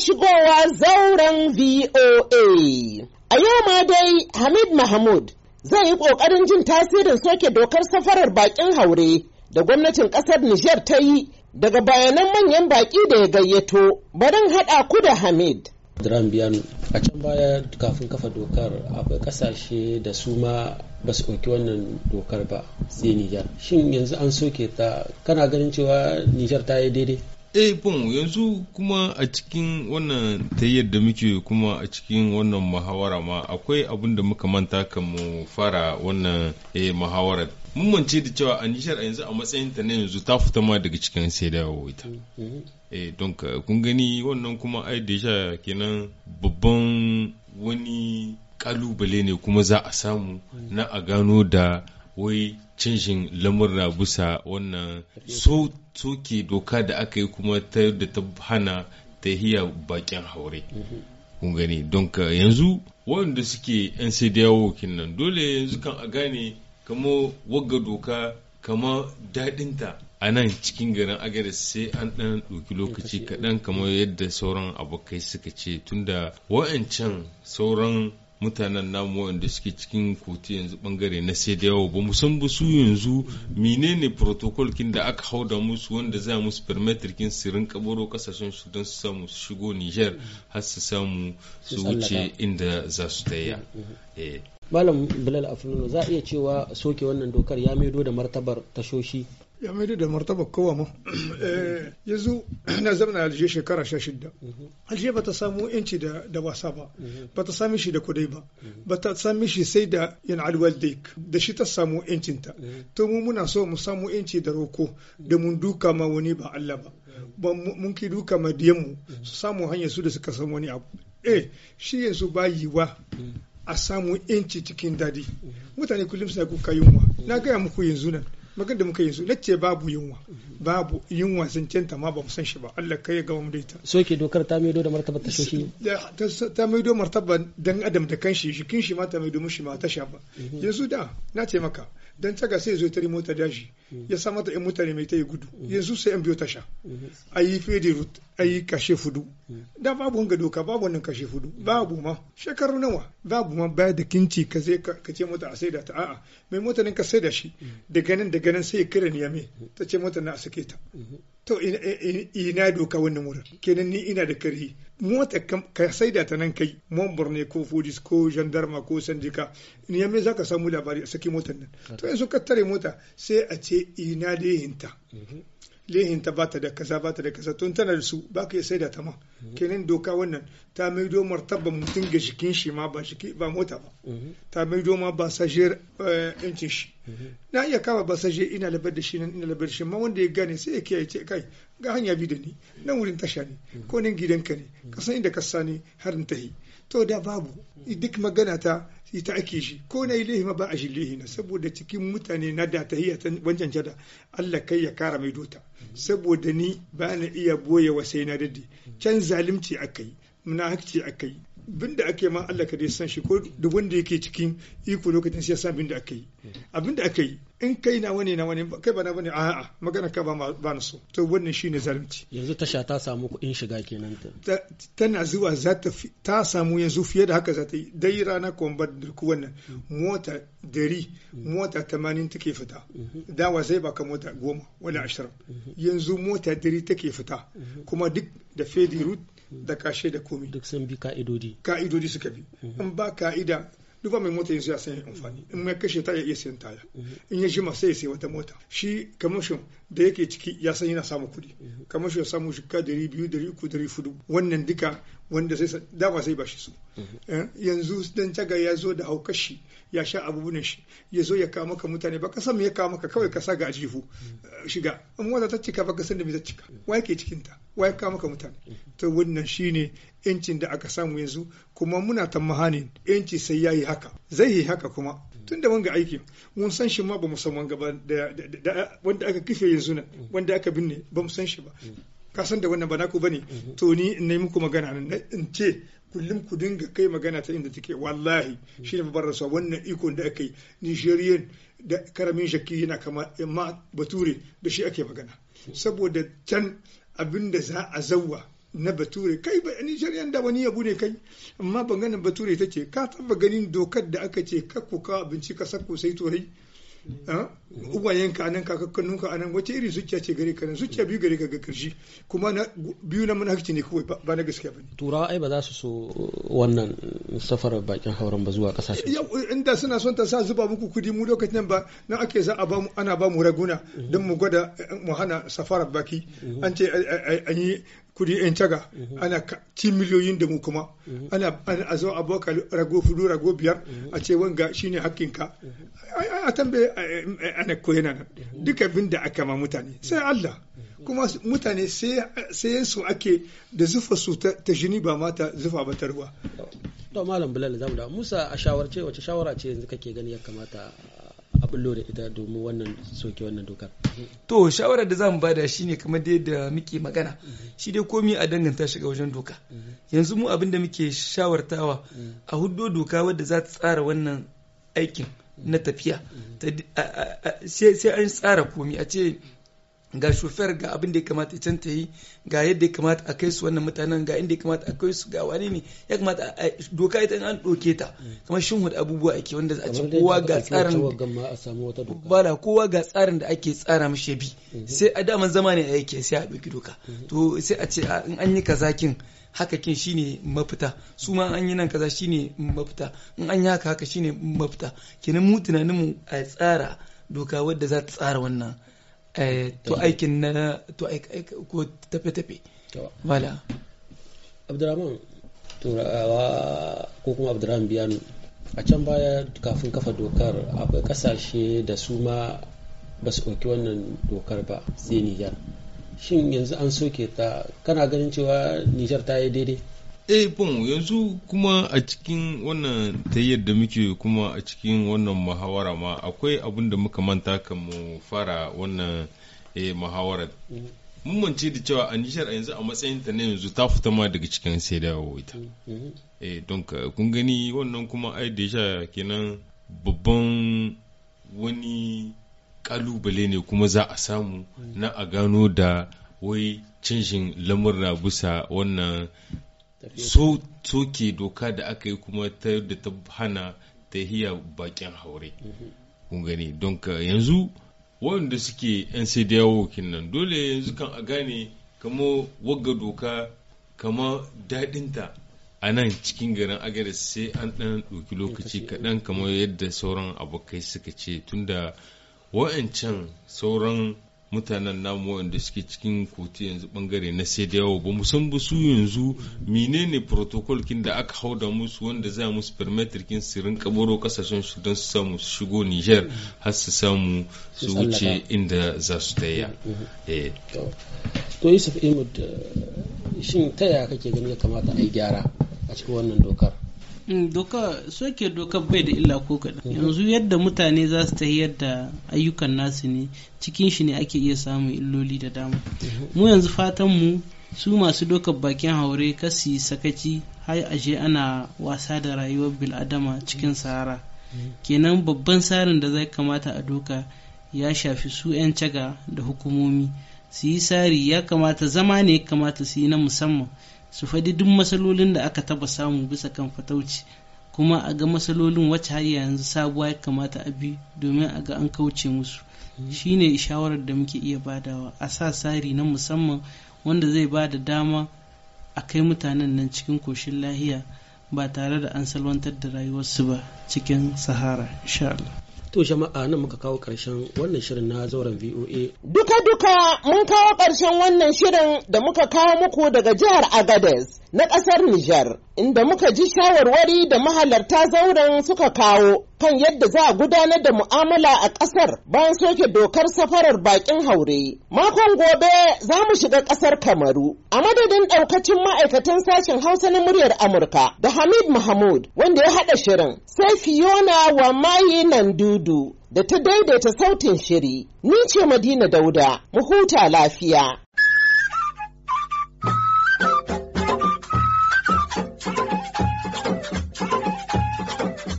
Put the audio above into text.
shigowa zauren VOA. A yau ma dai Hamid Mahmud zai yi ƙoƙarin jin tasirin soke dokar safarar baƙin haure da gwamnatin ƙasar Nijar ta yi daga bayanan manyan baƙi da ya gayyato. Barin haɗa ku da Hamid. a can baya kafin kafa dokar akwai kasashe da su ma ba su ɗauki wannan dokar ba sai Nijar. Shin yanzu an soke ta kana ganin cewa Nijar ta yi daidai? eh bon yanzu kuma a cikin wannan tayyar da muke kuma a cikin wannan muhawara ma akwai abin da muka manta kan mu fara wannan eh muhawara mun mance da cewa a Nijar a yanzu a matsayin ta na yanzu ta fita ma daga cikin sai da ita mm-hmm. eh don kun gani wannan kuma ai da sha kenan babban wani kalubale ne kuma za a samu mm. na a gano da wai canjin lamurna bisa wannan soke doka da aka yi kuma ta yadda ta hana ta hiya bakin haure kun gani don ka yanzu waɗanda suke yan sai da yawo nan dole yanzu kan a gane kama wagga doka kama daɗinta a nan cikin garin agare sai an ɗan ɗauki lokaci kaɗan kama yadda sauran abokai suka ce tunda wa'ancan sauran mutanen namu wanda suke cikin kotu yanzu bangare na sai da yawa ba san ba su yanzu menene protocol kin da aka hau da musu wanda za musu permitir kin su rinka boro kasashen su don su samu su shigo Niger har su samu su wuce inda za su taya. Mm-hmm. Eh. Malam Bilal Afululu za iya cewa soke wannan dokar ya maido da martabar tashoshi ya mai da martaba kowa ma eh, yanzu na zamana alje shekara sha shida alje ba ta samu yanci da wasa ba ba ta sami shi da kudai ba ba ta sami shi sai da yan alwaldik da shi ta samu yancinta to mu muna so mu samu yanci da roko da mun duka ma wani ba Allah ba mun ki duka ma diyanmu su samu hanyar su da suka san wani abu eh shi yanzu ba yiwa a samu yanci cikin daɗi mutane kullum suna kuka yunwa na gaya muku yanzu nan magana da muka yi su lacce babu yunwa babu yunwa sun canta ma ba mu san shi ba Allah kai ya gama mu daita soke dokar ta maido da martaba ta shoshi ta maido martaba dan adam da kanshi jikin shi ma ta maido mushi ma ta shafa mhm. yanzu da na ce maka dan taga sai zo tare mota daji mhm. ya sa mata in mutane mai ta yi gudu mhm. yanzu sai an biyo tasha ayi fede rut ayi kashe fudu da babu wanga doka babu wannan kashe fudu babu ma shekaru nawa babu ma baya da kinci ka ce mota a saida ta a'a mai mota ne ka da shi daga nan daga ganin sai ya kira ta ce mota na sake ta to ina doka wannan wurin kenan ni ina da karhi mota ka saida ta nan kai mon borne ko fudis ko gendarma ko sandika niyame za zaka samu labari a saki motar nan to yanzu ka tare mota sai a ce ina da yinta mhm. lehin ta bata da kasa bata da kasa tun tana da su ba ya iya saida ta ma kenan doka wannan ta maido martaba mutum ga jikin shi ma ba shiki ba mota ba mhm. ta maido ma ba sajiyar yancin eh, shi mhm. na iya kama ba sajiyar ina labar da shi nan ina labar da shi ma wanda ya gane sai ya kiyaye ce kai ga hanya bi da ni nan wurin tasha ne ko nan ka ne kasan inda kasa ne harin tahi to da babu duk magana ta ita ake shi ko na ilahi ma ba a shi lehina saboda cikin mutane na da tahiyya ta wancan jada Allah kai ya kara mai dota saboda ni ba na iya boye wa sai na dade can zalimci akai muna hakci akai bin da ake ma Allah ka dai san shi ko duk wanda yake cikin iko lokacin shi yasa abin da aka yi abinda in kai na wani na wani kai ba na a a magana ka ba na so to wannan shine zalunci yanzu tasha ta samu kuɗin shiga kenan ta tana zuwa za ta ta samu yanzu fiye da haka za ta yi dai rana ba duk wannan mota dari mota tamanin take fita dawa zai baka mota goma wani ashirin yanzu mota dari take fita kuma duk da fedi route da kashe da komi duk sun bi ka'idodi ka'idodi suka bi in ba ka'ida duk mai mota yanzu ya san ya amfani mm-hmm. in mai kashe ta ya iya sayan taya mm-hmm. in ya jima sai ya sayi wata mota shi kamashin da yake ciki ya san yana samun kuɗi kamashin mm-hmm. ya samu shika dari biyu dari uku dari fudu wannan duka wanda sai dama sai bashi su eh, yanzu dan caga ya zo da haukashi ya sha abubuwan shi ya zo ya kawo maka mutane ba san me ya kawo maka kawai ka sa ga ajihu eh, shiga amma wata ta cika ba ka san da me ta cika wa yake cikin ta wai ka maka mutane to wannan shine yancin da aka samu yanzu kuma muna ta mahanin yanci sai yayi haka zai yi haka kuma tun da wanga aiki mun san shi ma ba mu san wanga ba wanda aka kife yanzu nan wanda aka binne ba mu san shi ba ka san da wannan ba naku bane to ni in muku magana nan in ce kullum ku dinga kai magana ta inda take wallahi shi ne babbar rasuwa wannan ikon da aka yi nigerian da karamin shakki yana kama ma bature da shi ake magana saboda can abin da za a zauwa na bature kai ba ni shari'an da wani yabu ne kai amma ban ganin bature ta ce ka taba ganin dokar da aka ce kakku ka abinci ka sako sai turai uwayen ka anan kakakkanun ka anan wace irin zuciya ce gare ka nan zuciya biyu gare ka ga karshe kuma na biyu na munafiki ne kawai ba na gaskiya bane turawa ai ba za su so wannan safarar bakin hauren ba zuwa kasashe inda suna son ta sa zuba muku kudi mu lokacin ba nan ake za a ba mu ana ba mu raguna don mu gwada mu hana safarar baki mm-hmm. an ce an yi kudi yan caga mhm. ana ci miliyoyin da mu kuma mhm. ana a zo a baka rago fudu rago biyar mhm. a ce wanga shine hakkinka a tambaye ana koyana nan duka bin da aka ma mutane sai Allah kuma mutane sai su ake da zufa su ta jini ba mata zufa ba tarwa ruwa to malam bilal zamu da Musa a shawarce wace shawara ce yanzu kake gani ya kamata bullo da ita domin wannan soke wannan dokar to shawarar da zamu bada shine kamar da muke magana shi dai komi a danganta shi ga wajen doka yanzu mu abin da muke shawartawa a huddo doka wadda za ta tsara wannan aikin na tafiya sai an tsara komi a ce ga shofar ga abin da ya kamata ya canta yi ga yadda ya kamata a kai su wannan mutanen ga inda ya kamata a kai su ga wani ne ya kamata doka ita an doke ta mm. kamar shin hudu abubuwa ake wanda a ce kowa ga tsarin bala kowa ga tsarin da ake tsara mishi bi mm-hmm. sai a daman zama ne a yake sai a ɗauki doka mm-hmm. to sai a ce in an yi kazakin haka kin shine mafita su ma an yi nan kaza shine mafita in an yi haka haka shine mafita kenan mu tunanin mu a tsara doka wadda za ta tsara wannan Eh, to aikin na to ko tafe wala abdurrahman turawa ko kuma abdurrahman biyanu a can baya kafin kafa dokar akwai kasashe da su ma ba su ɗauki wannan dokar ba sai nijar shin yanzu an soke ta kana ganin cewa nijar ta yi daidai eh bon yanzu kuma a cikin wannan tayyar da muke kuma a cikin wannan muhawara ma akwai abin da muka manta ka mu fara wannan eh mahawara mun mance da cewa a Nijar a yanzu a matsayin ta ne yanzu ta fita ma daga cikin sai da ita eh don kun gani wannan kuma ai da sha kenan babban wani kalubale ne kuma za a samu na a gano da wai canjin lamurra bisa wannan so toke doka da aka yi kuma ta da ta hana ta hiya bakin haure mhm. kun gani don ka yanzu waɗanda suke yan sai da yawo nan dole yanzu kan a gane kama wagga doka kama daɗinta a nan cikin garin agada sai an ɗan ɗauki lokaci kaɗan eh. kama yadda sauran abokai suka ce tunda wa'ancan sauran mutanen namu wanda suke cikin kotu yanzu bangare na sai da yawo ba musamman ba su yanzu menene protocol kin da aka hau da musu wanda za musu permitir kin su rinka boro kasashen su don su samu su shigo Niger har su samu su wuce inda za su taya mm-hmm. eh to Yusuf Imud eh, shin ta kake gani ya kamata a yi gyara a cikin wannan dokar Hmm, doka soke dokar bai da illa ko kaɗan mhm. yanzu yadda mutane za su tahiyar da ayyukan nasu ne cikin shi ne ake iya samun illoli da dama mhm. mu yanzu fatan mu su masu dokar bakin haure kasi sakaci har aje ana wasa da rayuwar biladama cikin mhm. sahara kenan babban tsarin da zai kamata a doka ya shafi su 'yan caga da hukumomi su yi tsari ya kamata zama ne ya kamata su yi na musamman su faɗi duk matsalolin da aka taba samu bisa kan fatauci kuma a ga matsalolin wacce har yanzu sabuwa ya kamata a bi domin a ga an kauce musu mm-hmm. shine shawarar da muke iya badawa a sa tsari na musamman wanda zai ba da dama a kai mutanen nan cikin koshin lahiya ba tare da an salwantar da rayuwarsu ba cikin sahara To jama'a nan muka kawo ƙarshen wannan shirin na zauren VOA. Duka-duka mun kawo ƙarshen wannan shirin da muka kawo muku daga jihar Agadez na ƙasar Nijar. inda muka ji shawarwari da mahalarta zauren suka kawo kan yadda za a gudanar da mu'amala a ƙasar bayan soke dokar safarar bakin haure. Makon gobe za mu shiga ƙasar Kamaru. A madadin ɗaukacin ma'aikatan sashen Hausa na muryar Amurka da Hamid Mahmud wanda ya haɗa shirin sai Fiona wa mayi nan dudu da ta daidaita sautin shiri. Ni ce Madina Dauda, mu huta lafiya.